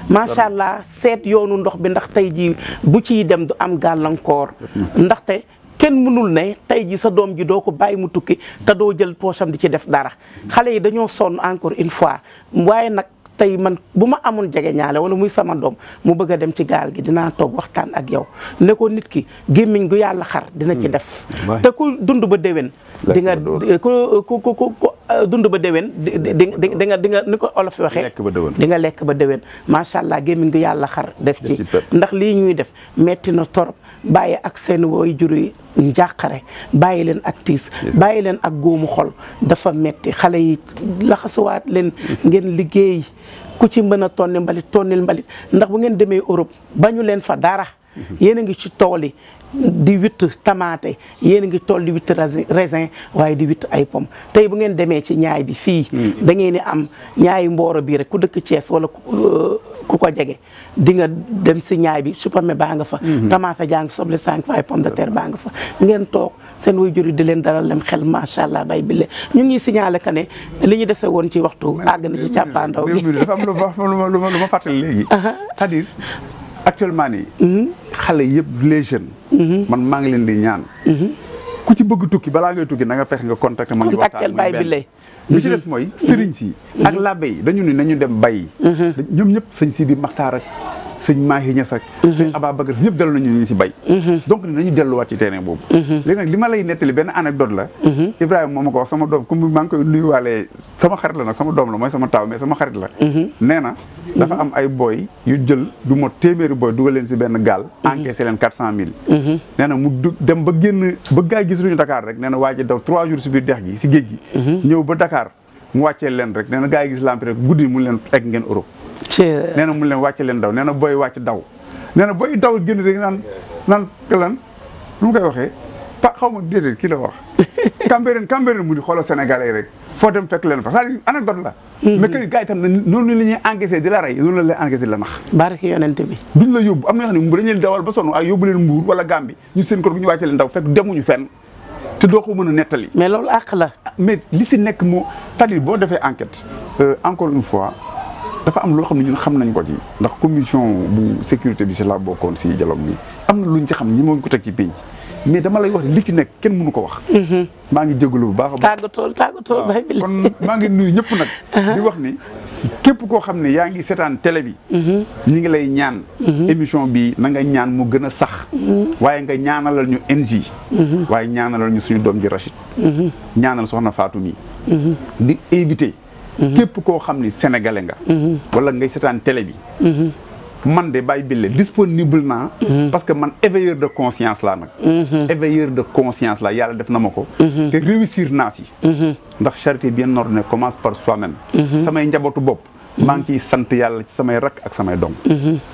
macha allah seet yoonu ndox bi ndax tey jii bu ciy dem du am gàllankoor ndaxte kenn mënul ne tey ji sa doom ji doo ko bàyyi mu tukki te doo jël poosam di ci def dara xale yi dañoo sonn encore une fois waaye nag tey man bu ma amul jege ñaale wala muy sama doom mu bëgg a dem ci gaal gi dinaa toog waxtaan ak yow ne ko nit ki gémmiñ gu yàlla xar dina ci hmm. def te ku dund ba déwén di nga ku ku ku ku euh, dund ba déwén di di di nga di nga ni ko olof waxee di nga lekk ba déwén macha allah gémmiñ gu yàlla xar def ci ndax lii ñuy def metti na torop bàyyi ak seen wooy jur yi njàqare bàyyi leen ak tiis bàyyi leen ak góomu xol dafa metti xale yi laxasuwaat leen ngeen liggéey ku ci mën a tonni mbali tonnil mbali ndax bu ngeen demee Europe bañu leen fa dara mm-hmm. yéen a ngi ci tool yi di witt tamaate yéen a ngi tool di witt raisin waaye di witt ay pom tey bu ngeen demee ci ñaay bi fii mm-hmm. da ngeen di am ñaayu mbooro bii rek ku dëkk Thiès wala ku ku ko jege di nga dem si ñaay bi supame baa nga fa mhm. tamaata jaa nga fa soble sànq waaye de terre baa nga fa ngeen toog seen way juri di leen dalal lem xel macha allah bay bile ñu ngi signalé que ne li ñu dese woon ci waxtu àgg na ci càppaandaw gi dafa am lu ma lu ma lu mhm. mhm. man maa leen di ñaan ku ci bëgg tukki balaa ngay tukki na nga fex nga contacté ma ñu waxtaan bay bi lay bi ci des mooy sëriñ si ak mhm. labbe yi dañu ni nañu dem bay mhm. ñoom ñëpp sëñ si di maxtaar ak sëñ Mahi Niass ak mhm. sëñ Ababacar ñëpp dellu nañu ñu si bay mhm. donc nañu delluwaat ci terrain boobu mhm. léegi nag li ma lay nettali benn anecdote la Ibrahima moo ma ko sama doom comme maa ngi koy nuyuwaalee sama xarit la nag sama dom la mooy sama taaw mais sama xarit la nee na dafa am ay booy yu jël du mot téeméeri booy dugal leen si ben gaal encaissé leen quatre cent mu dem ba génn ba gaay gisuñu Dakar rek nee na ji daw trois jours si biir dex gi si géej gi ñëw ba Dakar mu wàccee len rek nee gaay gis lampi rek guddi mu ngeen Europe nee na mu leen wàcc leen daw nee na booy wàcc daw nee na génn rek naan naan lan nu mu koy waxee pa xaw ma déedéet kii la wax [LAUGHS] Cambérène Cambérène mu ni xoolal Sénégalais yi rek foo dem fekk leen fa c'est-à-dire anecdote la mhm. mais que gars yi tam noonu la ñuy encaissé di la rey noonu la leen encaissé di la nax barke yonent bi duñ la yóbbu am na yoo xam ne bu dañu leen dawal ba sonn ak yóbbu leen mbuur wala Gàmbi ñu seen kor bu ñu wàcce leen daw fekk demuñu fenn te doo ko mën a nettali mais loolu àq la li si nekk moo cest à boo defee enquête euh, encore une fois dafa am loo xam ne ñun xam nañ ko ci ndax commission bu sécurité bi si laa bokkoon si dialogue bi am na lu ñu ci xam ñi mooñ ko teg ci pénc mais dama lay wax li ci nekk kenn mënu ko wax mhm. maa ngi jégalu bu baax a baax tàggatool tàggatool bay bi kon maa ngi nuyu ñëpp nag uh-huh. di wax ni képp koo xam ne yaa ngi seetaan télé bi mhm. ñi ngi lay ñaan mhm. émission bi na nga ñaan mu gën a sax waaye nga ñaanalal ñu NJ waaye ñaanalal ñu suñu doom ji Rachid ñaanal soxna Fatou mi di invité képp koo xam ni sénégalais nga. Mhm. wala ngay seetaan télé bi. Mhm. man de Baye Billé disponible mhm. parce que man éveilleur de conscience laa nag. éveilleur de conscience la yàlla def na ma ko. te réussir naa si. ndax charité bien ordonnée commence par soi-même. samay njabootu bopp. maa sant yàlla ci samay rakk ak samay doom.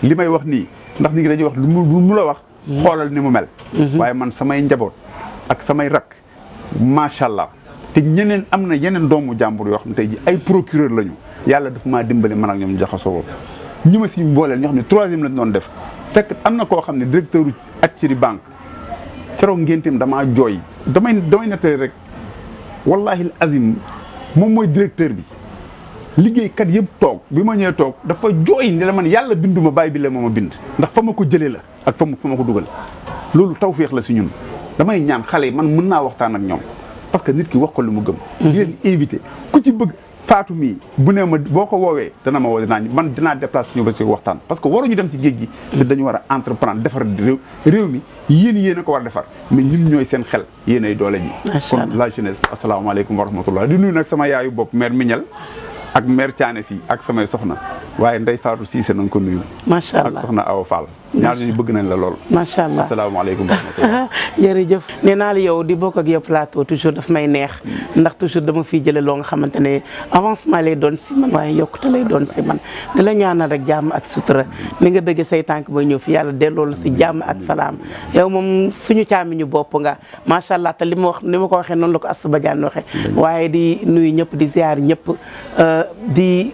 li may wax nii ndax nit ñi dañuy wax lu mu la wax. xoolal ni mu mel. waaye man samay njaboot ak samay rakk macha te ñeneen am na yeneen doomu jàmbur yoo xam tey ji ay procureur lañu yàlla dafa maa dimbali man ak ñoom jaxasoo ñi ma si booleel ñoo xam ne troisième lañ doon def fekk am na koo xam ne directeur Athieri Bank keroog ngénteem damaa jooy damay damay nettali rek wallahi azim moom mooy directeur bi liggéeykat yëpp toog bi ma ñëwee toog dafa jooy ne la man yàlla binduma bàyyi bi la ma ma bind ndax fa ma ko jëlee la ak fa ma ko dugal loolu tawféex la si ñun damay ñaan xale yi man mën naa waxtaan ak ñoom parce que nit ki wax ko lu mu gëm. di invité ku ci bëgg faatu mii bu ne ma boo ko woowee dana ma woo dinaa man dinaa déplacé suñu ba si waxtaan parce que waruñu dem si géej gi. te dañu war a entreprendre defar réew réew mi yéen yéen a ko war a defar mais ñun ñooy seen xel yéen ay doole ji. kon la jeunesse asalaamaaleykum wa rahmatullah di nuyu nag sama yaayu bopp mère Mignel ak mère Thiané si ak samay soxna waaye Ndeye Fatou seen nañ ko nuyu. macha allah ak soxna Awa Fall. ñaar ñu bëgg nañ la lool. macha allah asalaamaaleykum wa rahmatulah. [LAUGHS] jërëjëf nee naa yow di bokk ak yow plateau toujours dafa may neex ndax toujours dama fiy jëlee loo nga xamante ne avancement lay doon si man waaye yokkute lay doon si man di la ñaanal rek jàmm ak sutura ni nga dëgg say tànk ba ñëw fi yàlla delloo si jàmm ak salaam yow moom suñu caamiñu bopp nga macha allah te li ma wax li ma ko waxee noonu la ko Assa Badiane waxee waaye di nuyu ñëpp di ziar ñëpp euh, di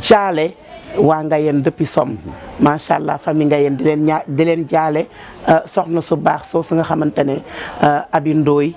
jaale. waa nga Ngayeen depuis Somme macha allah famille Ngayeen di leen ñaa di leen jaale euh, soxna su baax soo su nga xamante ne euh, Abi Ndooy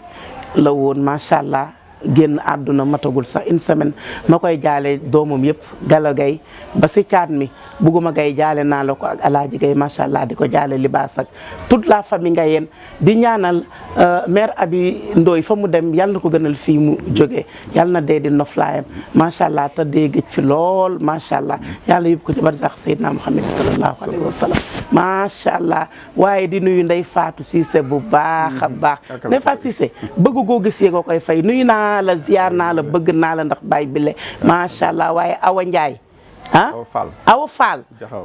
la woon macha allah. génn àdduna matagul sax une semaine ma koy jaale doomam yëpp gala gay ba si caat mi bugguma gay jaale naa la ko ak alaaji gay macha allah di ko jaale libaas ak toute la famille nga yéen di ñaanal euh, maire abi ndooy fa mu dem yàlla na ko gënal fi mu joge yàlla na dee di noflaayam macha allah te dee gëj fi lool macha allah yàlla yóbbu ko ci barsax Seydina Muhammad sallallahu alayhi wa sallam allah waaye di nuyu Ndeye Fatou Cissé bu baax a mm-hmm. baax Ndeye Fatou Cissé bëgg goo gis naa la ziar naa la bëgg naa la ndax baay bi le macha allah waaye Awa Ndiaye ah Awa Fall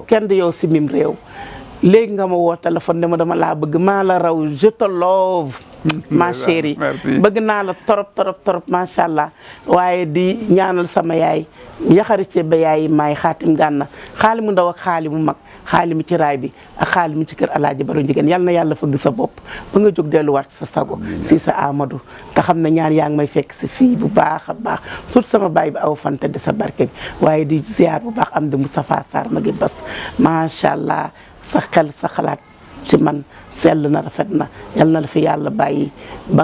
kenn du yow si mim réew nga ma woo téléphone ne ma dama laa bëgg maa la raw je te love ma chérie bëgg naa la torop torop torop macha allah waaye di ñaanal sama yaay yaxari ci yaay maay xaatim gànna xaali mu ndaw ak mu mag xaali mi ci raay bi ak xaali mi ci kër alaaji baro jigéen yal na yàlla fëgg sa bopp ba nga jóg delluwaat sa sago si sa amadou te xam ne ñaar yaa ngi may fekk si fii bu baax a baax surtout sama baay bi aw fante de sa barke bi waaye di ziar bu baax am di Moustapha saar ma gi bas macha allah sa xel sa xalaat ci man sell na rafet na yal na la fi yàlla bàyyi ba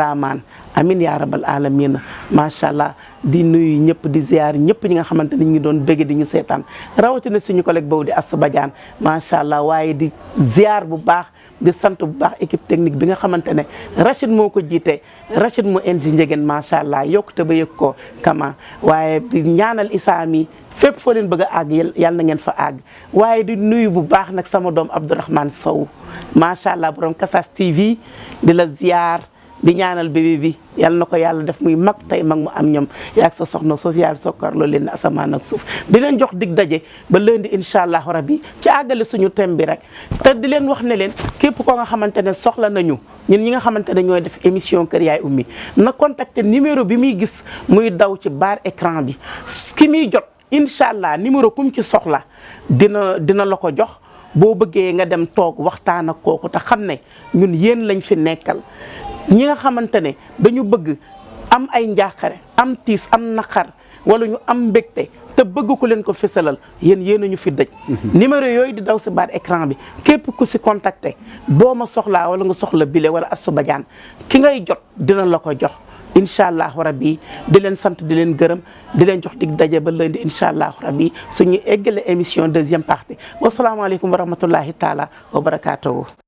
raamaan amin yaa rabal alamina macha allah di nuyu ñëpp di ziar ñëpp ñi nga xamante ni ñu ngi doon bëgg di ñu seetaan rawatina suñu collègue boobu di Assa Badiane macha allah waaye di ziar bu baax di sant bu baax équipe technique bi nga xamante ne Rachid moo ko jiite Rachid mu engi njegeen macha allah yokkute ba yëg ko kama waaye di ñaanal isaam yi fépp foo leen bëgg a àgg yal na ngeen fa àgg waaye di nuyu bu baax nag sama doom Abdourahmane saw macha allah borom Kassas TV di la ziar. di ñaanal bébé bi yal na ko yàlla def muy mag tey mag mu am ñoom yaag sa soxna social sokkar loolu leen asamaan suuf di leen jox dig daje ba lundi incha allahu rabi ci àggale suñu thème bi rek te di leen wax ne leen képp koo nga xamante ne soxla nañu ñun ñi nga xamante ne ñooy def émission Kër Yaay Oumy na contacter numéro bi muy gis muy daw ci bar écran bi ki muy jot incha allah numéro kum ci soxla dina dina la ko jox boo bëggee nga dem toog waxtaan ak kooku te xam ne ñun yéen lañ fi nekkal ñi nga xamante ne dañu bëgg am ay njaaxare am tiis am naqar wala ñu am mbégte te bëgg ku leen ko fësalal yéen yéen a ñu fi daj mhm. numéro yooyu di daw si baat écran bi képp ku si contacté boo ma soxlaa wala nga soxla bile wala Astou Badiane ki ngay jot dina la ko jox incha allahu rabbi di leen sant di leen gërëm di leen jox dig daje ba lundi incha allahu rabbi suñu eggale émission deuxième partie wasalaamaaleykum wa rahmatullahi taala wa barakaatuhu